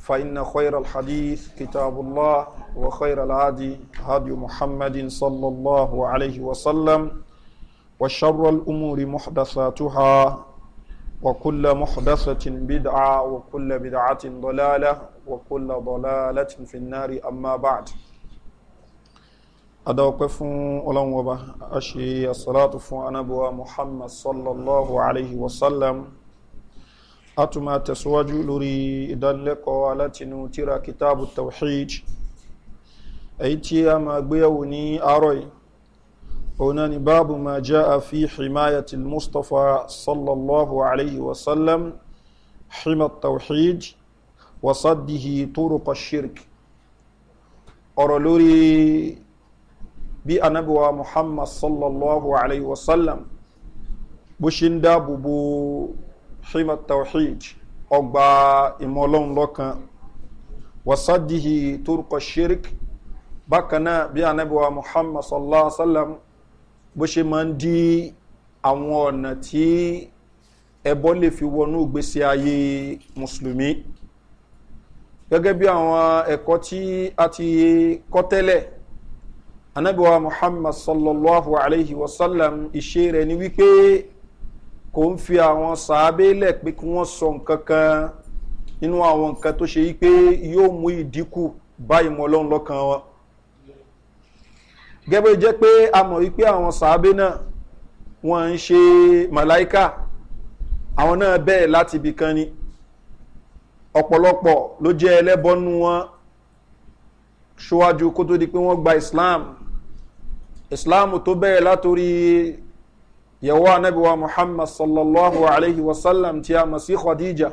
فإن خير الحديث كتاب الله وخير الهادي هادي محمد صلى الله عليه وسلم وشر الأمور محدثاتها وكل محدثة بدعة وكل بدعة ضلالة وكل ضلالة في النار أما بعد أدوقف أولوبة أشي الصلاة فوانبوى محمد صلى الله عليه وسلم a tún máa tẹ̀síwájú lórí ìdánilẹ́kọ̀ọ́ alátinú tíra kitabu tawhid èyí tí a máa gbéyàwó ní àárọ̀ yìí òun náà ni báàbù máa jẹ́ àfi himayat mustapha sallallahu alayhi wa sallam himat tawhid wa saddihi turuqa shirk ọ̀rọ̀ lórí bí anábíwá muhammad sallallahu alayhi wa sallam bó ṣíma tawhid ọgbà ìmọ̀ ọlọ́run lọ́kan wasadihi torúkọ shirik bákan náà bí anábíwá muhammad sallallahu alaihi wa sallam bó ṣe máa ń dí àwọn ọ̀nà tí ẹbọ lè fi wọnú gbèsè ayé mùsùlùmí gẹ́gẹ́ bí àwọn ẹ̀kọ́ tí a ti kọ́ tẹ́lẹ̀ muhammad sallallahu alaihi wa ìṣe rẹ̀ ni wípé kò ń fi àwọn sàábé lẹ̀ pé kí wọ́n sọ nǹkan kan nínú àwọn nǹkan tó ṣe yí pé yóò mú ìdínkù bá ìmọ̀ ọlọ́run lọ́kàn wọn gẹ́gẹ́ jẹ́ pé a mọ̀ wípé àwọn sàábé náà wọ́n ń ṣe màláíkà àwọn náà bẹ́ẹ̀ láti ibì kan ni ọ̀pọ̀lọpọ̀ ló jẹ́ ẹlẹ́bọ́nú wọn ṣíwájú kó tó di pé wọ́n gba islam islam tó bẹ̀rẹ̀ látòrí ìyàwó anábì wa muhammad sallallahu alayhi wa sallam tí a mọ̀ sí khadija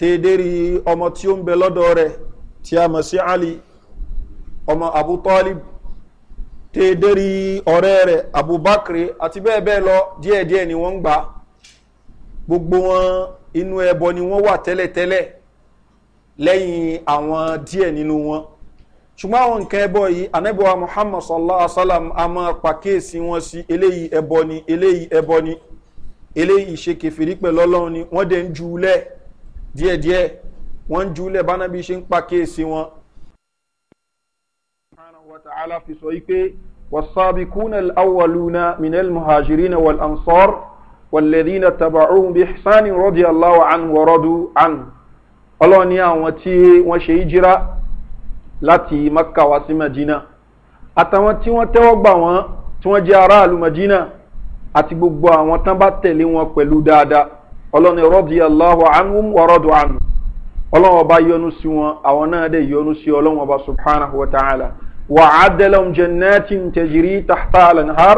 tèdèrè ọmọ tí ó ń bẹ lọ́dọ̀ rẹ̀ tí a mọ̀ sí ali ọmọ abu talib tèdèrè ọ̀rẹ́ rẹ̀ abubakar àti bẹ́ẹ̀ bẹ́ẹ̀ lọ díẹ̀díẹ̀ ni wọ́n ń gbà gbogbo wọn inú ẹbọ ni wọ́n wà tẹ́lẹ̀tẹ́lẹ̀ lẹ́yìn àwọn díẹ̀ nínú wọn ṣùgbọ́n àwọn nǹkan ẹbọ yìí anábíwá muhammad sallallahu alaihi wa sallam a máa pàkíyèsí wọn sí eléyìí ẹbọ ni eléyìí ẹbọ ni eléyìí ṣe kẹfìrí pẹ̀lú ọlọ́run ni wọ́n dẹ̀ ń júulẹ̀ díẹ̀díẹ̀ wọ́n ń júulẹ̀ bánábí ṣe ń pàkíyèsí wọn. wàtàlá fi sọ yìí pé wàsábì kúnà minel muhajirin wal ansor wàlẹ́dínà tabaun bí sani rọ́dí aláwọ̀ àn wọ́rọ́dú àn ọlọ́run ni àwọn tí wọ́n ṣe yí jira láti maka wá sí madina àtàwọn tí wọ́n tẹ́wọ́ gbà wọ́n tí wọ́n jẹ́ aráàlú madina àti gbogbo àwọn tán bá tẹ̀lé wọn pẹ̀lú dáadáa ọlọ́ni rọ́bì aláhu anhum wọ́rọ́dù anhu ọlọ́wọ́n ọba yọnu sí wọn àwọn náà dẹ̀ yọnu sí ọlọ́wọ́n ọba subhanahu wa ta'ala wà á dẹ́lẹ̀m jẹ̀nẹ́tì tẹ̀jìrì tàhtà àlànhàr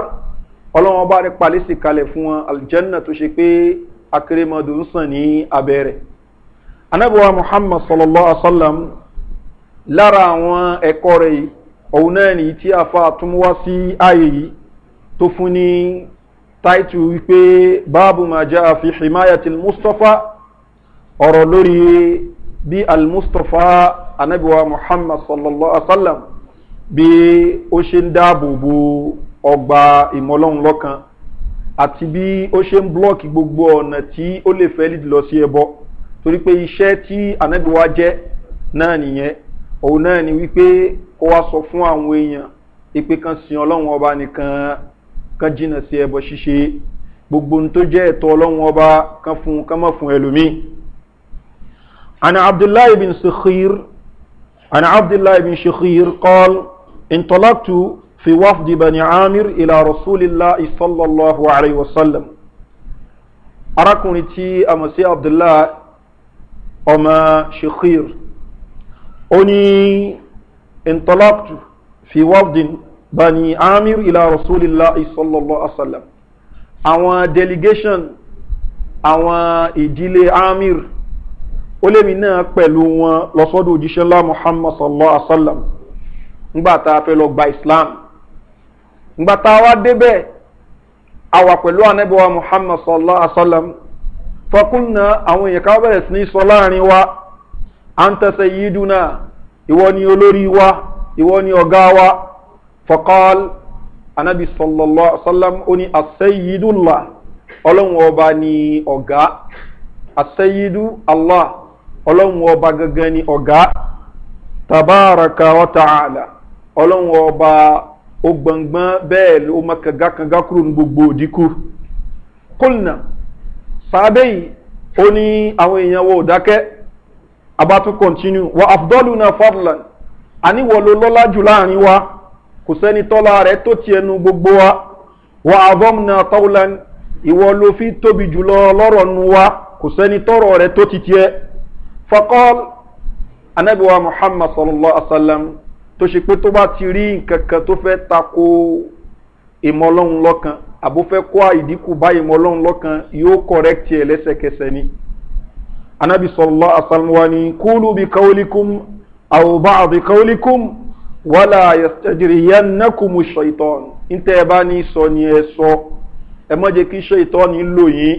ọlọ́wọ́n ọba rẹ̀ palẹ́sì kalẹ̀ fún wọn aljanna tó ṣe pé akérèmọdù ń sàn ní abẹ́rẹ́ anábọ̀wá muhammad sallallahu alaihi wa sallam lára àwọn ẹ̀kọ́ rẹ̀ yìí òun náà nìyí tí àfa àtúnwá sí ààyè yìí tó fún ní táìtù wípé báàbù máa já àfi himayatil mustapha ọ̀rọ̀ lórí bí almustapha anabiwa muhammad sallallahu alaihi wa sallam bí ó ṣe ń dáàbò bo ọgbà ìmọ̀lọ́hún lọ́kan àti bí ó ṣe ń blọ́ọ̀kì gbogbo ọ̀nà tí ó lè fẹ́ lè lọ sí ẹbọ torí pé iṣẹ́ tí anabiwa jẹ́ náà nìyẹn òun náà ni wípé kó wá sọ fún àwọn èèyàn ìpè kan sin ọlọ́run ọba nìkan kan jìnnà sí ẹbọ ṣíṣe gbogbo ohun tó jẹ́ ẹ̀tọ́ ọlọ́run ọba kan fún kan mọ̀ fún ẹlòmíì. ana abdullahi bin sakhir ana abdullahi bin sakhir kọ́l intolactu fi wafdi bani amir ila rasulillah sallallahu alayhi wa sallam arákùnrin tí a mọ̀ sí abdullahi ọmọ sakhir ó ní intolactu fi wafdin bani amir ila rasulillah sallallahu alaihi wa sallam àwọn delegation àwọn ìdílé amir ó lémi náà pẹ̀lú wọn lọ́sọ́dọ̀ òjíṣẹ́ ńlá muhammad sallallahu alaihi wasallam. sallam ńgbà tá a gba islam ńgbà tá a wá débẹ̀ a wà pẹ̀lú muhammad sallallahu alaihi wasallam. sallam fọkúnnà àwọn èèyàn ká bẹ̀rẹ̀ sí wa antasa yiduna ìwọ ni olórí wa ìwọ ni ọ̀gá wa fọkàl anabi sallallahu sallam ó ní asayidula ọlọ́run ọba ni ọ̀gá asayidu allah ọlọ́run ọba gangan ni ọ̀gá tabaraka wa ta'ala ọlọ́run ọba ó gbọ̀ngbọ́n bẹ́ẹ̀ ma kànga kànga kúrò ní gbogbo òdìkú kólnà sábẹ́ yìí ó ní àwọn wo dákẹ́ àbá tún continue wà afdọ́lù náà fadlan àníwọ̀ ló lọ́lá jù láàrin wa kò sẹ́ni tọ́lá rẹ̀ tó ti ẹnu gbogbo wa wà avọ́m náà tọ́lan ìwọ ló fi tóbi jùlọ lọ́rọ̀ nu wa kò sẹ́ni tọ́rọ̀ rẹ̀ tó ti tiẹ̀ fakọ́l anabiwa muhammad sallallahu alaihi wa sallam tó ṣe pé tó bá ti rí nǹkan tó fẹ́ tako ìmọ̀ lọ́kan àbó kó àìdínkù bá ìmọ̀ lọ́kan yóò kọ̀rẹ́kì ẹ̀ lẹ́sẹkẹsẹ ni anabi sọlọ asalmuwani kúlù bí kawulikum àwòbáàdì kawulikum wàlà yẹtẹjìrìyàn nàkùmù ṣèitọ́n ntẹ́ ẹ bá ní sọ ni ẹ sọ ẹ mọ́ jẹ́ kí ṣèitọ́n lò yín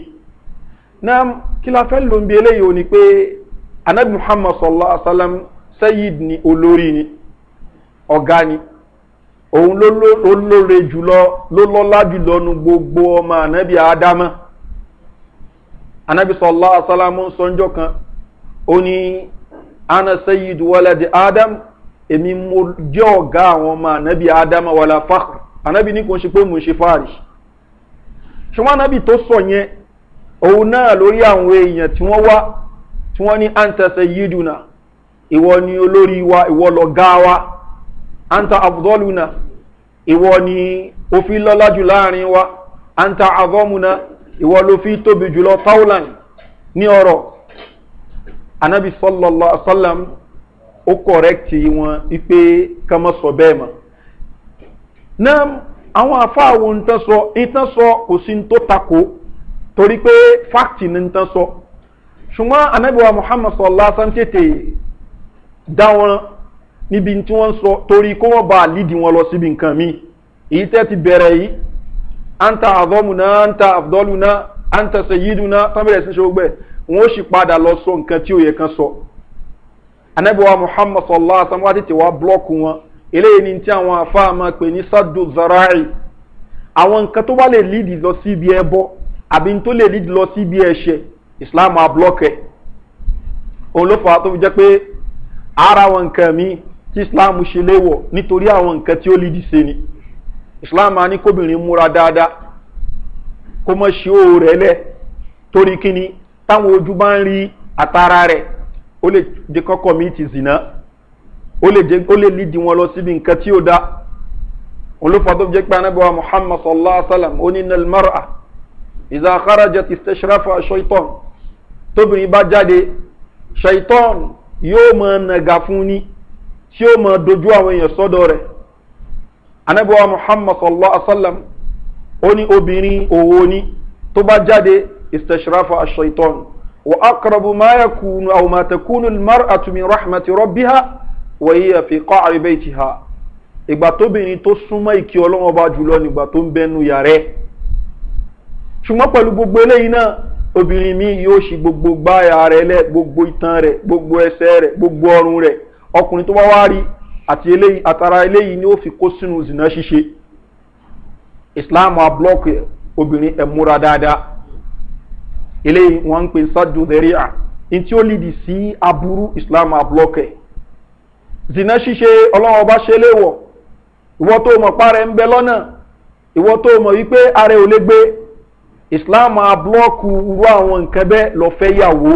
náà kí la fẹ́ ló ń bi eléyìí ò ní pé anabi muhammad sọlọ asalam sayid ni olórí ni ọ̀gá ni òun ló lóore jùlọ ló lọ́lá jùlọ nu gbogbo ọmọ anabi adama anabi sọlá asalamu sọjọ kan ó ní ana sayidu wàlá di adam emi mo jẹ́ ọ̀gá àwọn ọmọ anabi adam wala fakhr anabi ni kò ń ṣe mo ń ṣe fáàrí anabi tó sọ yẹn òun náà lórí àwọn èèyàn tí wọ́n wá tí wọ́n ní antẹsẹ̀ yídùnà ìwọ ni olórí wa ìwọ lọ́gá wa anta abduluna ìwọ ni òfin lọ́lájú láàrin wa anta na ìwọ ló fi tóbi jùlọ faulan ní ọ̀rọ̀ anabi sallallahu alaihi wa sallam ó kọ̀rẹ́kì wọn ipe kama sọ bẹ́ẹ̀ mọ̀ náà àwọn afáàwò ntán sọ ntán sọ kò sí ní tó torí pé fáàkì ni ntán sọ ṣùgbọ́n anabiwa muhammad sallallahu alaihi wa sallam tètè dá wọn níbi tí wọ́n sọ torí kó wọ́n bá lídìí wọn lọ síbi nǹkan mi èyí tẹ́ ti bẹ̀rẹ̀ yìí anta àdọ́mùná anta àfdọ́lùná anta seyiduna, tábìlẹ̀ sí ṣogbo ẹ̀ wọ́n sì padà lọ sọ nǹkan tí ó yẹ kan sọ. anábìwá muhammad sallallahu alaihi wa sallam wá tètè wá búlọ́ọ̀kù wọn eléyìí ni tí àwọn afáà máa pè ní sádù zarai àwọn nǹkan tó bá lè lídì lọ sí ibi ẹbọ àbí tó lè lídì lọ sí ibi ẹṣẹ islam á búlọ́ọ̀kù ẹ̀ òun ló fà á tó fi jẹ́ pé ara àwọn nǹkan míì tí islam ṣe léwọ̀ nítorí àwọn nǹkan tí ó lídì sí islam a ní kóbìnrin múra dáadáa kó mọ̀ ṣe ó rẹ̀ lẹ̀ torí kíni táwọn ojú bá ń rí àtàrà rẹ̀ ó lè jẹ́ kọ́kọ́ mi ti zìnà ó lè lídìí wọn lọ síbi nǹkan tí ó dáa olùfà tó jẹ́ pé anábẹ́wà muhammad sallallahu alayhi wa sallam ó ní nalmara ìzà àkàràjà ti ṣẹ́ṣẹ́ráfà ṣọ́ìtàn tóbìnrin bá jáde ṣọ́ìtàn yóò mọ nàgà fún ni tí ó mọ dojú àwọn èèyàn sọ́dọ̀ rẹ̀ anabiwa muhammad sallallahu alaihi wa sallam ó ní obìnrin òwò ni tó bá jáde istashrafa ashaitan wa aqrabu ma yakunu aw ma takunu almar'atu min rahmati rabbiha wa hiya fi qa'i baytiha ìgbà tóbìnrin tó súnmọ́ ìkí ọlọ́wọ́n bá jùlọ nígbà tó ń bẹnu yàrá ṣùgbọ́n pẹ̀lú gbogbo eléyìí náà obìnrin mi yóò ṣe gbogbo gbáyà rẹ̀ lẹ̀ gbogbo itan rẹ̀ gbogbo ẹsẹ̀ rẹ̀ gbogbo ọrùn rẹ̀ ọkùnrin tó bá wá rí àti eléyìí àtara eléyìí ni ó fi kó sínú zina ṣíṣe islam wa blọọkì obìnrin ẹ múra dáadáa eléyìí wọn ń pè sádùn dẹríà ní tí ó lìdí sí aburú islam wa blọọkì zina ṣíṣe ọlọ́wọ́ bá ṣe léwọ̀ ìwọ́ tó mọ̀ parẹ́ ń bẹ lọ́nà ìwọ́ tó mọ̀ wípé ara ò lè gbé islam wa blọọkì irú àwọn nǹkan bẹ́ẹ̀ lọ fẹ́ yàwó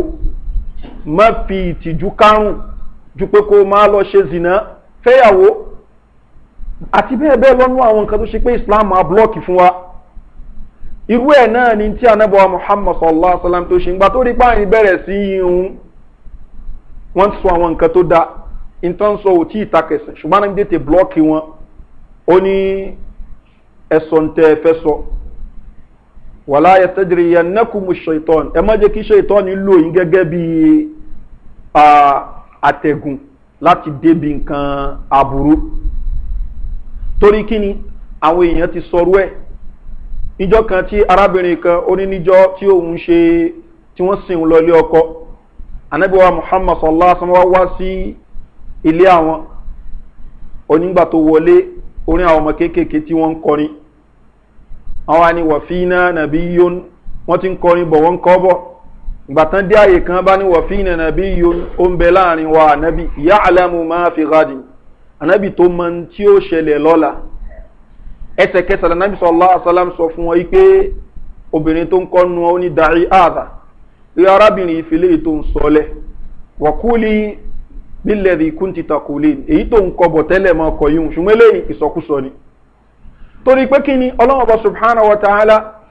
má fi ìtìjú kárùn ju pé kó máa lọ ṣe zina fẹ́yàwó àti bẹ́ẹ̀ bẹ́ẹ̀ lọ́nú àwọn nǹkan tó ṣe pé islam máa blọ́ọ̀kì fún wa irú ẹ̀ náà ni tí anábọ̀wá muhammad sallallahu alayhi wa sallam tó ṣe ń gba tó rí páàrin bẹ̀rẹ̀ sí yíyún wọ́n sọ àwọn nǹkan tó da nǹkan sọ ò tí ì takẹ̀sẹ̀ ṣùgbọ́n náà tètè blọ́ọ̀kì wọn ó ní ẹ̀sọ̀ ń tẹ́ ẹ fẹ́ sọ wàlá yẹtẹ́dìrì yẹn nẹ́kùmù ṣètọ́n ẹ má jẹ́ kí ṣètọ́n lò yín gẹ́gẹ́ bí àtẹ̀gùn. láti débi nǹkan aburú torí kí ni àwọn èèyàn ti sọrú ẹ níjọ kan tí arábìnrin kan oníníjọ tí òun ṣe tí wọn sìn lọ ilé ọkọ anabiwa muhammad sallallahu alaihi wa sallam wá sí ilé àwọn onígbà tó wọlé orin àwọn ọmọ kéékèèké tí wọn ń kọrin àwọn àni wàfíìnà nàbí yón wọn ti ń kọrin bọ wọn ń kọ bọ. gbàtán dé àyè kan bá ní wọ̀fí nànà bí ó ń bẹ láàrin wa ànábì ìyá àlámù máa fi gádìn ànábì tó mọ tí ó ṣẹlẹ̀ lọ́la ẹsẹ̀kẹsẹ̀ ànábì sọlá asálàm sọ fún wọn pé obìnrin tó ń kọ́nu ọ ní dàrí àdà rí arábìnrin ìfìlẹ̀ tó ń sọlẹ̀ wọ̀kúlì nílẹ̀ rí kún ti èyí tó ń kọ bọ̀ tẹ́lẹ̀ mọ́ ọkọ̀ yìí ṣùgbọ́n eléyìí ìsọkúsọ ni torí pé kí ọlọ́wọ́ bá subhanahu wa ta'ala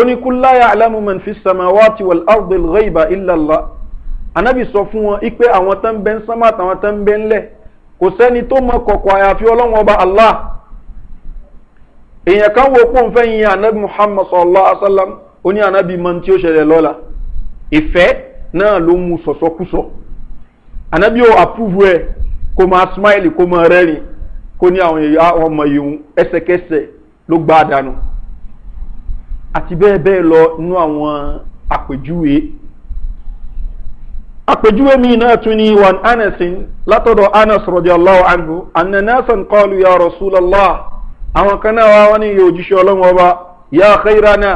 ó ní kú láyà alámúmọ̀n fi sàmáwá ti wà áwùdó lọ́ọ́ ìbá ìlàlá anábì sọ fún wọn ipe àwọn tó ń bẹ ń sánmà àtàwọn tó ń bẹ ń lẹ̀ kò sẹ́ni tó mọ kọ̀kọ̀ àyàfi ọlọ́wọ́n ọba allah èèyàn kan wo pọ́n fẹ́ yin anábì muhammad sallallahu alaihi wa sallam ó ní anábì mọ́n tí ó ṣẹlẹ̀ lọ́la ìfẹ́ náà ló mú sọ̀sọ́kúsọ anábì ó àpúvù ẹ̀ kó máa smile kó máa rẹ́rìn kó ní àwọn ah, ọmọ yìí ẹsẹ̀kẹsẹ̀ ló gbá dànù àti bẹ́ẹ̀ bẹ́ẹ̀ lọ nínú àwọn àpèjúwe àpèjúwe mi náà tún ní wọn anasin látọ̀dọ̀ anas rọ̀díọ̀láwọ̀ anhu ananasan kọlu ya rasulallah àwọn kan náà wá wọn ní yóò jíṣẹ́ ọlọ́wọ́ wa ya khairana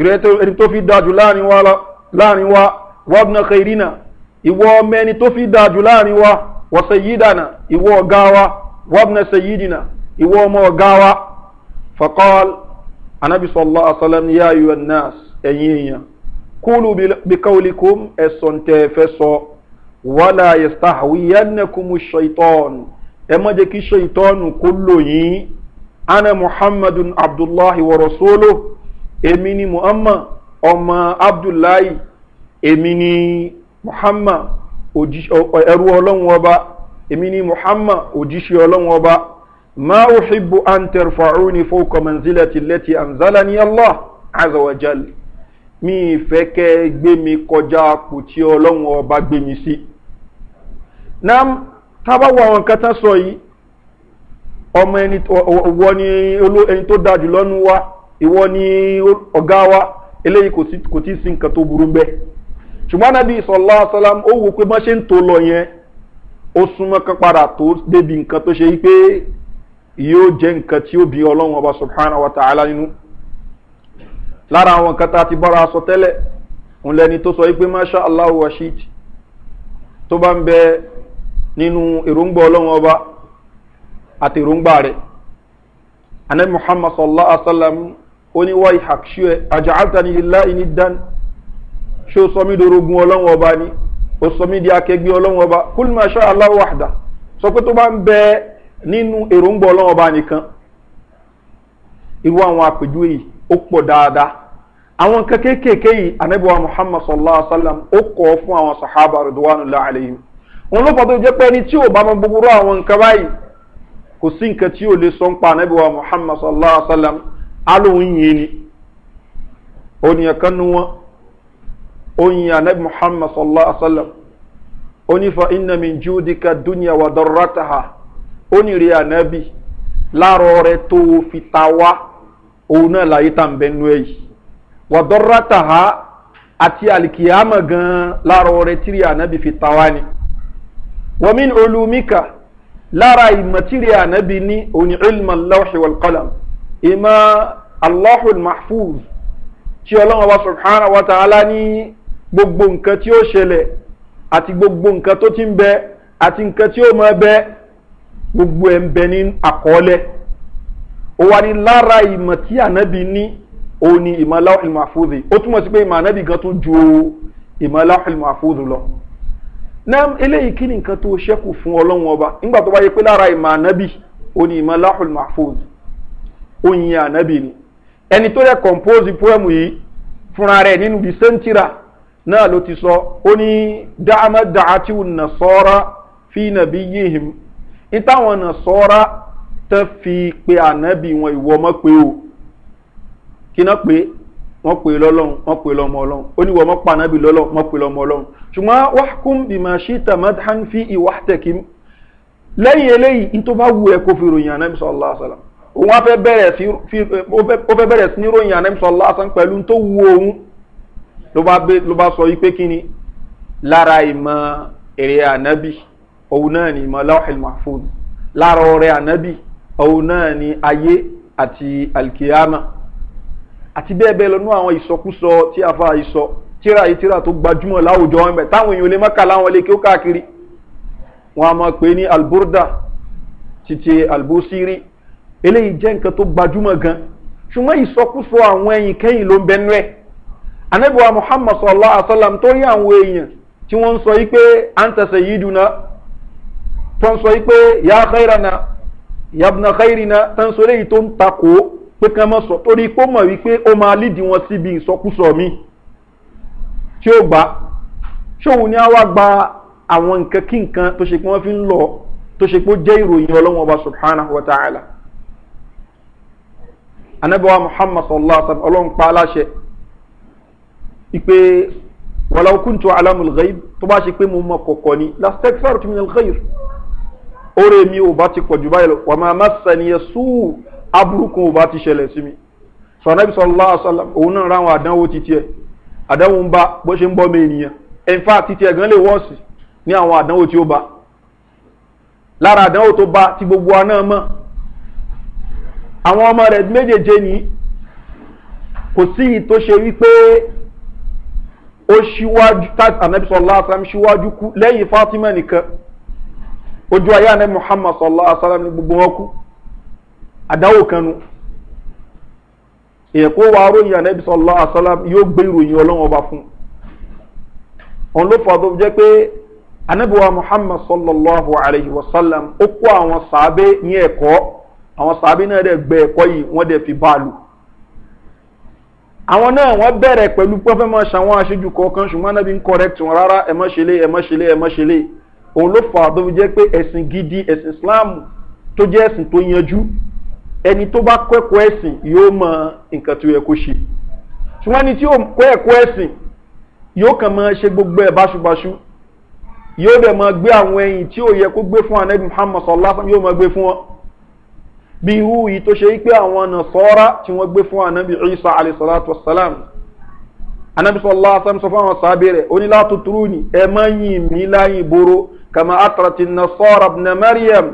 ìrẹ́ni tó fi dájú láàrin wa wabna khairina ìwọ ọmọ ẹni tó fi dájú láàrin wa wọ́sẹ̀ yídàna ìwọ ọ̀gá wa sayidina ìwọ ọmọ ọ̀gá wa anabi sallallahu alaihi wa sallam ya ayu anas ẹ̀yin èèyàn kúlù bíkàwílikum ẹ̀sọ̀ ntẹ̀ fẹ́ sọ wàlà yastahwiyannakum shaitan ẹ má jẹ́ kí shaitan kó lò yín ana muhammadun abdullahi wa rasulu èmi ni muhammad ọmọ abdullahi èmi muhammad ẹrú ọlọ́run ọba èmi muhammad òjíṣẹ́ ọlọ́run ما أحب أن ترفعوني فوق منزلة التي أنزلني الله عز وجل mi fẹ́ kẹ́ gbé mi kọjá àpò tí ọlọ́run ọba gbé mi sí. nam tábàwọ̀ àwọn nǹkan tán sọ yìí ọmọ ẹni wọ ni ẹni tó dáa jù lọ́nu wa ìwọ ni ọ̀gá wa eléyìí kò tí ì sí nǹkan tó burú bẹ́ẹ̀. ṣùgbọ́n anábì sọ̀lá sọ́lám ó wo pé má ṣe ń tó lọ yẹn ó súnmọ́ kan padà tó débi nǹkan tó ṣe yí pé yóò jẹ́ nǹkan tí ó bí ọlọ́run ọba subhanahu wa ta'ala nínú lára àwọn nǹkan tá a ti bára sọ tẹ́lẹ̀ òun lẹni tó sọ wípé masha allah wa shit tó bá ń bẹ nínú èròǹgbà ọlọ́run ọba àti èròǹgbà rẹ̀ anabi muhammad sallallahu alaihi wa sallam ó ní wáyé àkṣu ẹ àjàcálta ní ilá ìní dán ṣé ó sọ mí dorogun ọlọ́run ọba ni ó sọ mí di akẹgbẹ́ ọlọ́run ọba kúlùmọ̀ ṣá allah wàhdà sọ pé tó bá ń bẹ́ẹ̀ nínú èròǹgbọ ọlọ́run ọba nìkan irú àwọn àpèjúwe yìí ó pọ̀ dáadáa àwọn nǹkan kéékèèké yìí anabiwa muhammad sallallahu alaihi wa sallam ó kọ́ fún àwọn sahaba ridwanullah alayhim wọn ló fọdún jẹ́ pé ẹni tí ò bá mọ gbogbo àwọn nǹkan báyìí kò sí nǹkan tí ò lè sọ ń pa anabiwa muhammad sallallahu alaihi wa sallam alóhùn yìí ni oníyàn kan nu wọn oyin anabi muhammad sallallahu alaihi wa sallam onífa inna min judika dunya wa darrataha ó ní rí ànábì láàárọ̀ rẹ tó fi ta wá òun náà láyé tá n bẹ nú ẹ yìí wàdọ́rà tàhá àti àlìkìyàmà gan láàárọ̀ rẹ tí rí ànábì fi ta wá ni wàmín olùmíkà lára ìmọ̀ tí ní òní ilmà lọ́wọ́sẹ̀ wàlkọ́lá ìmọ̀ allahul mahfuz tí ọlọ́run wa subhanahu wa ta'ala ní gbogbo nǹkan tí ó ṣẹlẹ̀ àti gbogbo nǹkan tó ti ń bẹ àti nǹkan tí ó mọ bẹ́ẹ̀ gbogbo ẹ̀ ń bẹ ní àkọọ́lẹ̀ ó wá ní lára ìmọ̀ tí ànábì ní òun ni ìmọ̀lá ìmọ̀àfóòdì ó túmọ̀ sí pé ìmọ̀ ànábì gan tó ju ìmọ̀lá ìmọ̀àfóòdì lọ náà eléyìí kí ni nǹkan tó ṣẹ́kù fún ọlọ́run ọba nígbà tó bá yẹ pé lára ìmọ̀ ànábì òun ni ìmọ̀lá ìmọ̀àfóòdì oyin ànábì ni ẹni tó yẹ compose poem yìí fúnra rẹ nínú the same náà ló ti sọ ó ní dáhàmà dàhàtìwò nàṣọ́ra fi nàbí yéhìm ìtàwọn ọ̀nà sọ́ra tán fi pe ànábì wọn ìwọ ọmọ pé o kíná pé wọ́n pè lọ́lọ́run wọ́n pè lọ́mọ ọlọ́run ó ní ìwọ ọmọ pa ànábì lọ́lọ́run wọ́n pè lọ́mọ ọlọ́run ṣùgbọ́n wàhùn bìmọ̀ṣí tàmádhán fi ìwà tẹ̀kí lẹ́yìn eléyìí ní tó bá wù ẹ́ kó fi ròyìn ànábì sọ́lá àṣàlá òun á fẹ́ bẹ̀rẹ̀ sí ní ròyìn ànábì sọ́lá àṣàlá pẹ̀lú tó wù òun ló bá sọ yí pé kíni lára ìmọ̀ èrè ànábì òun náà ni malawil mahfud lára ọrẹ ànábì òun náà ni ayé àti alkiyama àti bẹ́ẹ̀ bẹ́ẹ̀ lọ́nú àwọn ìsọkúsọ tí a fa ìsọ tíra yìí tíra tó gbajúmọ̀ láwùjọ wọn bẹ̀ táwọn èèyàn lè má kà láwọn lè kí ó káàkiri wọn a máa pè ní alburda títí albusiri eléyìí jẹ́ nǹkan tó gbajúmọ̀ gan ṣùgbọ́n ìsọkúsọ àwọn ẹ̀yìn kẹ́yìn ló ń bẹnu ẹ̀ anabiwa muhammad sallallahu alaihi wa sallam torí àwọn èèyàn tí wọ́n ń sọ yìí pé à yìí dùn tó ń sọ yìí pé ya khairana yabna khairina tó ń sọ léyìí tó ń takò pé kàn mọ́ sọ torí pé ó mọ̀ wípé ó máa lídìí wọn síbi ìsọkúsọ mi tí ó gbà ṣòwò ni a wá gba àwọn nǹkan kí nǹkan tó ṣe pé wọ́n fi ń lọ tó ṣe pé ó jẹ́ ìròyìn ọlọ́wọ́n ọba subhanahu wa ta'ala anabiwa muhammad sallallahu alaihi wa sallam ọlọ́run pa aláṣẹ ìpè wàlàkùntù alamul ghaib tó bá ṣe pé mo mọ kọ̀kọ̀ ni lastexar tumin al ghaib oore mi ò bá ti pọ̀ jù báyìí lọ wà máa má sànìyàn sùúrù aburúkun ò bá ti ṣẹlẹ̀ sí mi sọ̀nàbí sọ̀lá àṣàlà òun náà ráwọn àdánwò títí ẹ̀ àdánwò ń bá bó ṣe ń bọ́ mi ènìyàn ẹ̀fà títí ẹ̀ gan lè wọ́ọ̀sì ní àwọn àdánwò tí ó bá lára àdánwò tó bá ti gbogbo wa náà mọ́ àwọn ọmọ rẹ̀ méjèèjì ní kò sí ì tó ṣe wípé ó ṣíwájú tá ànábì sọ̀lá àṣàlà ṣíwájú kú lẹ́yìn fátímà nìkan ojú ayé àná muhammad sallallahu alaihi wa sallam ní gbogbo wọn kú àdáwò kan nu èèkó wa aróyìn ànábi sallallahu alaihi wa sallam yóò gbé ìròyìn ọlọ́run ọba fún òun ló fà tó jẹ́ pé ànábi wa muhammad sallallahu alaihi wa sallam ó kó àwọn sàábé ní ẹ̀kọ́ àwọn sàábé náà dẹ̀ gbẹ ẹ̀kọ́ yìí wọ́n dẹ̀ fi bá a lò àwọn náà wọ́n bẹ̀rẹ̀ pẹ̀lú pọ́fẹ́ máa ṣàwọn aṣojú kọ̀ọ̀kan ṣùgbọ́n ànábi ń correct wọn rárá ẹ̀ má ṣe lé ẹ̀ má ṣe lé ẹ̀ má ṣe lé òun ló fà á tó fi jẹ́ pé ẹ̀sìn gidi ẹ̀sìn islam tó jẹ́ ẹ̀sìn tó yanjú ẹni tó bá kẹ́kọ̀ọ́ ẹ̀sìn yóò mọ nǹkan tó yẹ kó ṣe ṣùgbọ́n ẹni tí yóò kọ́ ẹ̀kọ́ ẹ̀sìn yóò kàn máa ṣe gbogbo ẹ̀ báṣubàṣu yóò dẹ̀ máa gbé àwọn ẹ̀yìn tí ò yẹ kó gbé fún anabi muhammad sallallahu alayhi wa sallam yóò máa gbé fún wọn bí ihu yìí tó ṣe pé àwọn nasọ́ra tí wọ́n gbé fún anabi isa alayhi salatu salam anabi sallallahu alayhi wa sallam sọ fún àwọn sábẹ́ rẹ̀ onílàtútù ni ẹ má yìn mí láyìn ìboro kàmá àtàràtì nasọ́ra bìnà mariam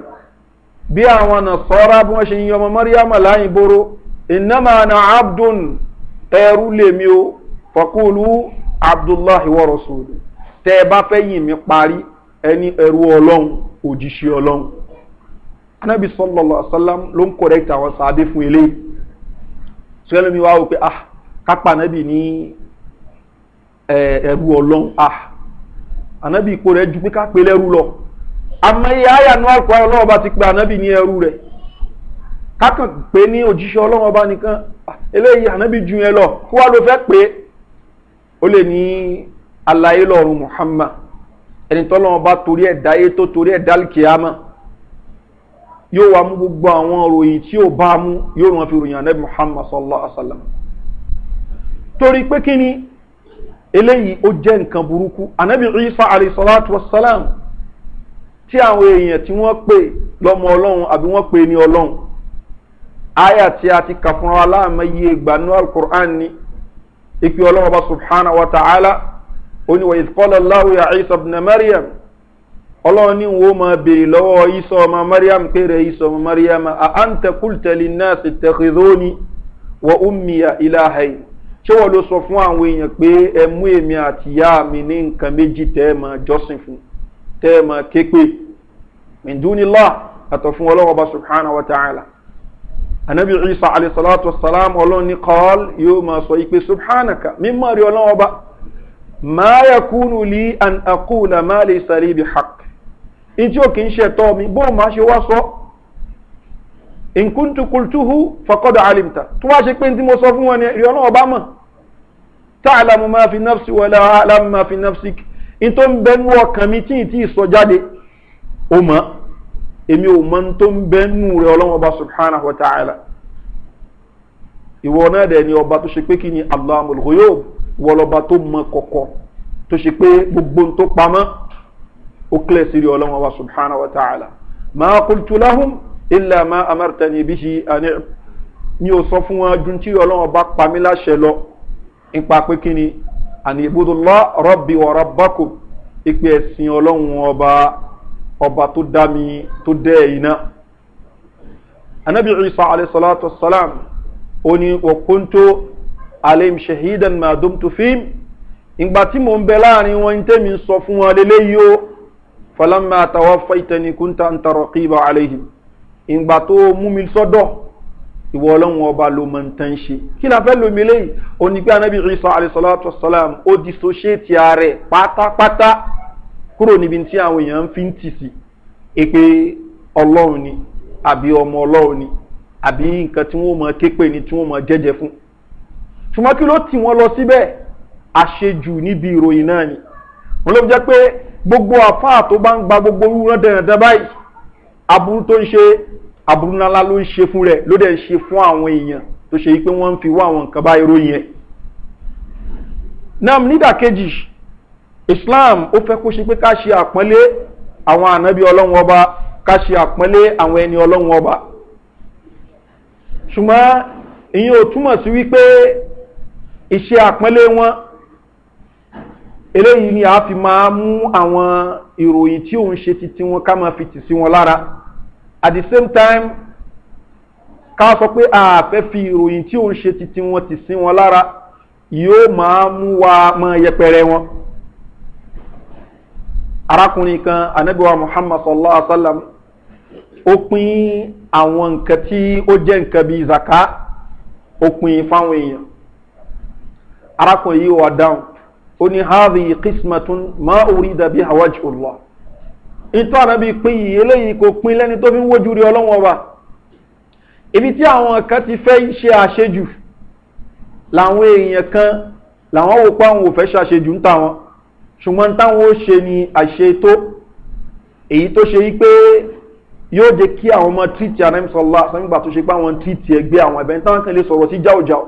bí àwọn nasọ́ra bí wọ́n ṣe ń yọmọ mariam láyìn boro ìnáma na abdul tẹ́rù lèmi o fọkúlù abdullahi wa rasulu tẹ́ ẹ bá fẹ́ yìn mí parí ẹni ẹrú ọlọ́run òjíṣẹ́ ọlọ́run anabi sọlọlọ sọlọm ló ń correct àwọn sáadé fún eléyìí sọlọmi wá wò pé ah kápá anabi ní ẹrú ọlọ́run ah ànábì ipò rẹ̀ ju pé ká pe lẹ́rú lọ àmọ́ iye àyànú àkọ́ ọlọ́wọ́ bá ti pe ànábì ní ẹrú rẹ̀ kákan pé ní òjíṣẹ́ ọlọ́wọ́ bá nìkan ah, eléyìí ànábì ju yẹn lọ kó wá ló fẹ́ pé ó lè ní alayé lọ́rùn muhammad ẹni tọ́lọ́wọ́ bá torí ẹ̀ dáyé tó torí ẹ̀ dálkìámà yóò wá mú gbogbo àwọn òròyìn tí ó bá mú yóò rán fi ròyìn ànábì muhammad sallallahu alaihi wa sallam torí pé kí eléyìí ó jẹ́ nǹkan burúkú anabi isa alayhisalatu wasalam tí àwọn èèyàn tí wọ́n pè lọ́mọ ọlọ́run àbí wọ́n pè ní ọlọ́run aya tí a ti kà fún wa láàmúyé gbanú alukur'an ni ìpè ọlọ́run ọba subhana wa ta'ala oníwà ìsìkọ́lá láwù ya isa bin mariam ọlọ́run ní wo máa béèrè lọ́wọ́ isa ọmọ mariam péré isa ọmọ mariam a anta kultali náà sì tẹ̀kìdóni wa ummiya ilahayi ṣé wọ́n ló sọ fún àwọn èèyàn pé ẹ mú èmi àti ìyá mi ní nǹkan méjì tẹ́ ẹ máa jọ́sìn fún tẹ́ ẹ máa ké pé mìndúnilá àtọ̀ fún ọlọ́wọ́ bá subhana wa ta'ala anabi isa alayhisalatu wasalam ọlọ́run ní kọ́ọ́l yóò máa sọ yìí pé subhanaka mímọ́ rí ọlọ́wọ́ bá máa lí an akúnà máa lè sàrí ibi haq ìtí ò kì ṣe tọ́ mi bó máa ṣe wá sọ. So, nkuntu kultuhu fakọdọ alimta tó wá ṣe pé ní tí mo sọ fún wọn ni ìrìn ọlọ́wọ́ bá mọ̀ tá àlàmù máa fi nafsi wọlé àlàmù máa fi nafsi n tó ń bẹ nú ọkàn mi tí ì tí ì sọ jáde ó mọ̀ èmi ò mọ̀ n tó ń bẹ nú rẹ ọlọ́wọ́ bá subhanahu wa ta'ala ìwọ náà dẹ̀ ni ọba tó ṣe pé kí ni alamul hoyo wọlọba tó mọ kọ̀kọ́ tó ṣe pé gbogbo n tó pamọ́ ó kílẹ̀ sí rí ọlọ́wọ́ bá subhanahu wa ta'ala máa kultu lahum ilẹ̀ ma amẹ́rẹ̀tẹ́ni ibi ṣi àní mi ò sọ fún wọn dun tí ọlọ́run bá pa mí láṣẹ lọ nípa pé kí ni àní ìbúdúlọ́ rọ́bì ọ̀rọ̀ bákò ìpè ẹ̀sìn ọlọ́run ọba ọba tó dá mi tó dẹ́ ẹ̀yìn náà. anabi isa alayhi salatu wa salam ó ní okunto alayhim shahidan ma dumtu ìgbà tí mò ń bẹ láàrin wọn tẹ́mi sọ fún wọn lélẹ́yìí o falamma tawafaitani kunta antarọ̀kìba alayhim ìgbà tó mú mi sọ́dọ̀ ìwọ ọlọ́run ọba ló mọ̀ ń tán ṣe kí la fẹ́ lomi eléyìí ó ní pé anabi isa alayhisalatu wasalam ó disosiéètì ààrẹ pátápátá kúrò níbi tí àwọn èèyàn fi ń tì sí èpè ọlọ́run ni àbí ọmọ ọlọ́run ni àbí nǹkan tí wọ́n mọ képe ni tí wọ́n mọ jẹ́jẹ́ fún ṣùgbọ́n kí ló tì wọ́n lọ síbẹ̀ àṣejù níbi ìròyìn náà ni wọ́n ló jẹ́ pé gbogbo àfáà tó bá ń gba gbogbo irú rẹ̀ aburú tó ń ṣe aburú ńlá ló ń ṣe fún rẹ ló dẹ̀ ṣe fún àwọn èèyàn tó ṣe pé wọ́n ń fi wá àwọn nǹkan báyìí ròyìn ẹ̀. nam nídàkejì islam ó fẹ́ kó ṣe pé ká ṣe àpọ́nlé àwọn ànábì ọlọ́run ọba ká ṣe àpọ́nlé àwọn ẹni ọlọ́run ọba ṣùgbọ́n ìyẹn ò túmọ̀ sí wípé ìṣe àpọ́nlé wọn eléyìí ni a fi máa mú àwọn ìròyìn tí òun ṣe ti tiwọn ká máa fi tì sí wọn lára at the same time ká sọ pé a fẹ́ fi ìròyìn tí òun ṣe ti tiwọn tì sí wọn lára yóò máa mú wa mọ yẹpẹrẹ wọn. arákùnrin kan anabiwa muhammad sallallahu alaihi wa sallam ó pín àwọn nǹkan tí ó jẹ́ nǹkan bíi zaka ó pín fáwọn èèyàn arákùnrin yìí wà dáhùn ó ní haadhi qismatun ma urida biha wajhullah ìtọ́ ànábi pín yìí eléyìí kò pín lẹ́ni tó fi ń wojú rí ọlọ́wọ́n ọba ibi tí àwọn kan ti fẹ́ ṣe àṣejù làwọn èèyàn kan làwọn wò pé àwọn ò fẹ́ ṣàṣejù ń ta wọn ṣùgbọ́n táwọn ó ṣe ni àṣetó èyí tó ṣe wípé yóò jẹ́ kí àwọn ọmọ tírìtì anamisọ́lá sọ́nìgbà tó ṣe pé àwọn tírìtì ẹgbẹ́ àwọn ẹ̀bẹ̀ ń táwọn kan lè sọ̀rọ̀ sí jáòjáò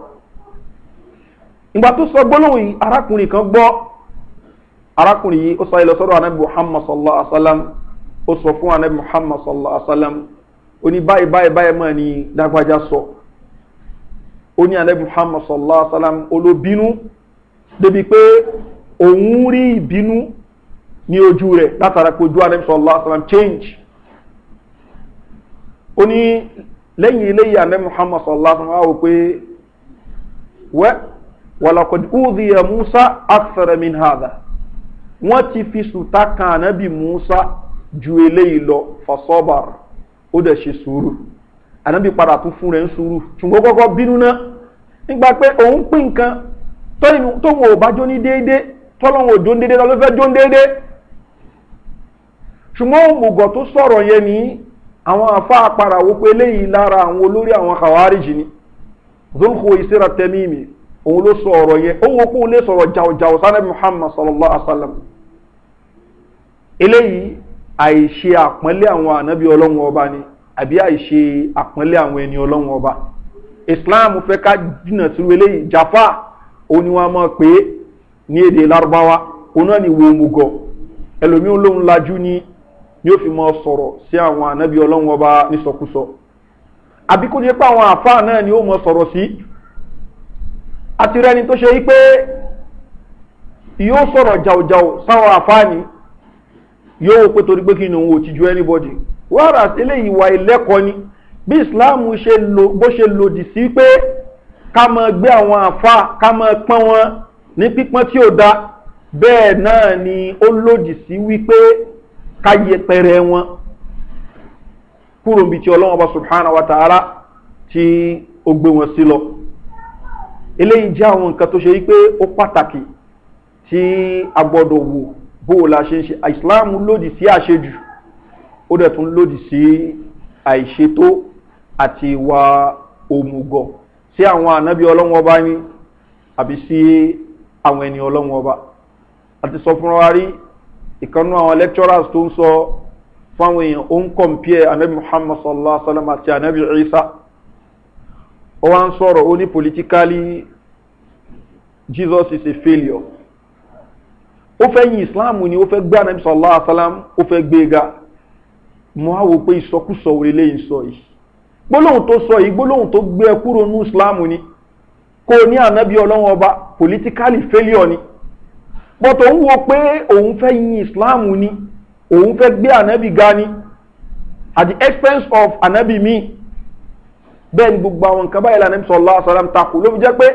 ìgbà tó sọ gbólóhùn yìí arákùnrin kan gbọ́ arákùnrin yìí ó sọ ilẹ̀ sọ́dọ̀ anabi muhammad sallallahu alaihi wa sallam ó sọ fún anabi muhammad sallallahu alaihi wa sallam ó ní báyìí báyìí báyìí máa ní dágbájá sọ ó ní anabi muhammad sallallahu alaihi wa sallam olóbínú débi pé òun rí ìbínú ní ojú rẹ̀ látara kó ojú anabi sallallahu alaihi wa sallam change ó ní lẹ́yìn eléyìí anabi muhammad sallallahu alaihi wa sallam wá wò pé wẹ́ẹ́ wàlàkọ̀d údìyà musa akfẹ̀rẹ̀min hàdà wọ́n ti fi sùtá kan ànábì musa ju eléyìí lọ fasọ́bàr ó dẹ̀ ṣe sùúrù ànábì padà tún fún rẹ̀ ń sùúrù ṣùgbọ́n kọ́kọ́ bínú náà nígbà pé òun pín nǹkan tóun ò bá jó ní déédéé tọ́lọ́hún ò jó ní déédéé lọ́lọ́fẹ́ jó ní déédéé ṣùgbọ́n òmùgọ̀ tó sọ̀rọ̀ yẹn ní àwọn afá àpàràwọ̀ pé eléyìí lára àwọn olórí àwọn kàwáríjì ni zulkhu ìsira tẹ́míìmì òun ló sọ ọ̀rọ̀ yẹn ó wo kó sọ̀rọ̀ jàùjàù sanabi muhammad sallallahu alaihi wa sallam eléyìí àìṣe àpọ́nlé àwọn ànábì ọlọ́run ọba ni àbí àìṣe àpọ́nlé àwọn ẹni ọlọ́run ọba islam fẹ́ ká dínà sí eléyìí jàfà òun ni wọ́n máa pè é ní èdè lárúbáwá òun náà ni wo òmùgọ̀ ẹlòmí olóhùn lajú ni yóò fi máa sọ̀rọ̀ sí àwọn ànábì ọlọ́run ọba nísọkúsọ àbí kó pé àwọn àfáà náà ni ó máa sọ̀rọ̀ sí. Si àti rẹni tó ṣe wípé yóò sọ̀rọ̀ jàùjàù sáwọn àfáàní yóò wò pé torí pé kí ni òun ò ti ju anybody wàrà eléyìí wà ilẹ́kọ̀ọ́ ni bí islam bó ṣe lòdì sí pé ká mọ gbé àwọn àfa ká mọ pọ́n wọn ní pípọ́n tí ò da bẹ́ẹ̀ náà ni ó lòdì sí wípé ká yẹpẹrẹ wọn kúrò níbi tí ọlọ́wọ́n bá subhanahu wa ta'ala tí ó gbé wọn sí lọ eléyìí jẹ́ àwọn nǹkan tó ṣe wípé ó pàtàkì tí a gbọ́dọ̀ wò bó o la ṣe ń ṣe islam lòdì sí àṣejù ó dẹ̀ tún lòdì sí àìṣètò àti ìwà òmùgọ̀ sí àwọn ànábì ọlọ́wọ́n ọba ní àbí sí àwọn ẹni ọlọ́wọ́n ọba àti sọ fúnra wa rí ìkànnú àwọn lecturers tó ń sọ fáwọn èèyàn ó ń kọ̀m̀pìẹ̀ ànábì muhammad sallallahu alaihi wa sallam àti ànábì isa ó wá ń sọ̀rọ̀ ó ní politically jesus is a failure ó fẹ́ yin islam ni ó fẹ́ gbé anabi sallallahu alayhi wa sallam ó fẹ́ gbé ga mo á wò pé ìsọkúsọ òrè lẹ́yìn sọ yìí gbólóhùn tó sọ yìí gbólóhùn tó gbé ẹ kúrò ní islam ni kò ní anabi ọlọ́wọ́n ọba politically failure ni bọ́tò ń wo pé òun fẹ́ yin islam ni òun fẹ́ gbé anabi ga ni at the expense of anabi mi bẹ́ẹ̀ ni gbogbo àwọn nǹkan báyìí lànà sọ̀lá sàlám takò ló fi jẹ́ pé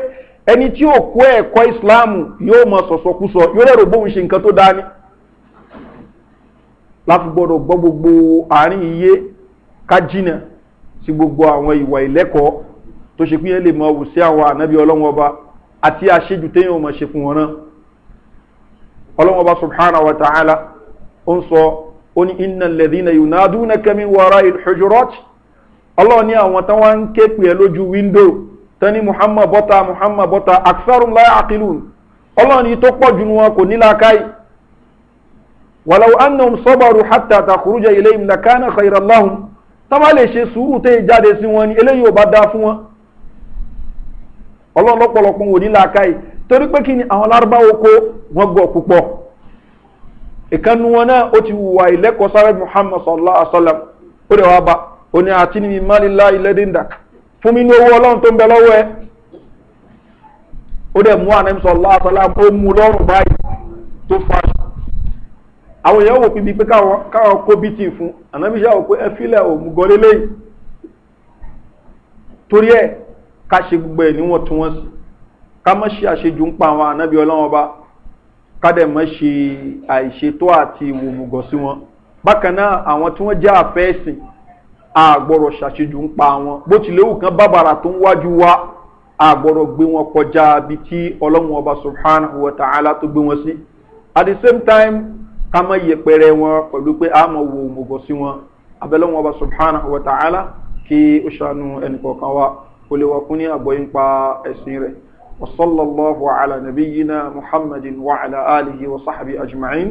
ẹni tí ò kó ẹ̀kọ́ ìsìláàmù yóò mọ sọ̀sọ̀kúsọ yóò lẹ́rọ bóun ṣe nǹkan tó dání láti gbọ́dọ̀ gbọ́ gbogbo àárín iye ká jìnà sí gbogbo àwọn ìwà ìlẹ́kọ̀ọ́ tó ṣe pín yẹn lè mọ wù sí àwọn ànábì ọlọ́wọ́n ọba àti àṣejù téèyàn mọ̀ ṣe fún wọn náà ọlọ́wọ́n ọba ọlọ́run ní àwọn tán wá ń ké pè ẹ́ lójú wíńdò tán ní muhammad bọ́tà muhammad bọ́tà aksarum láyà àkìlù ọlọ́run yìí tó pọ̀ jù wọn kò ní làákàyè wàlàwù annahum sọ́bàrù hàtà tàkùrújà ilé ìmìlàkánà kàìràláhùn tán bá lè ṣe sùúrù tẹ́ jáde sí wọn ni eléyìí ò bá dáa fún wọn ọlọ́run lọ́pọ̀lọpọ̀ wọn ní làákàyè torí pé kí ni àwọn lárúbáwò kó wọn gbọ́ púpọ̀ ó ní àti ní ìmọ̀lélá ìlẹ́dìndà fún mi ní owó ọlọ́run tó ń bẹ lọ́wọ́ ẹ ó dẹ̀ mú àná sọ láàtọ́lá ó mú lọ́rùn báyìí tó fa àwọn èèyàn wò píbi pé káwọn kó bítì fún ànábíṣẹ́ àwọn pé ẹ fílẹ̀ òmùgọ́lé lẹ́yìn torí ẹ ká ṣe gbogbo ẹ̀ níwọ̀ntúnwọ̀nsì ká mọ̀ ṣe àṣejù ń pa àwọn ànábí ọlọ́run ọba kádẹ̀ mọ́ ṣe àìṣètò àti ìwòmùgọ̀ sí wọn bákan náà àwọn tí wọ́n jẹ́ àfẹ́ ẹ̀sìn àgbọ̀rọ̀ ṣàṣejù ń pa wọn bó tilẹ̀ wù kán bàbàrà tó ń wájú wa àgbọ̀rọ̀ gbé wọn kọjá bí tí ọlọ́run ọba subhanahu wa ta'ala tó gbé wọn sí at the same time ká má yẹpẹrẹ wọn pẹ̀lú pé a mọ̀ wo òmùgọ̀ sí wọn abẹ́lẹ́wọn ọba subhanahu wa ta'ala kí ó ṣàánú ẹnìkọ̀ọ̀kan wa kó lè wà fún ní àgbọ̀yìn pa ẹ̀sìn rẹ̀ wa sallallahu ala nabiyyina muhammadin wa ala alihi wa sahbihi ajma'in.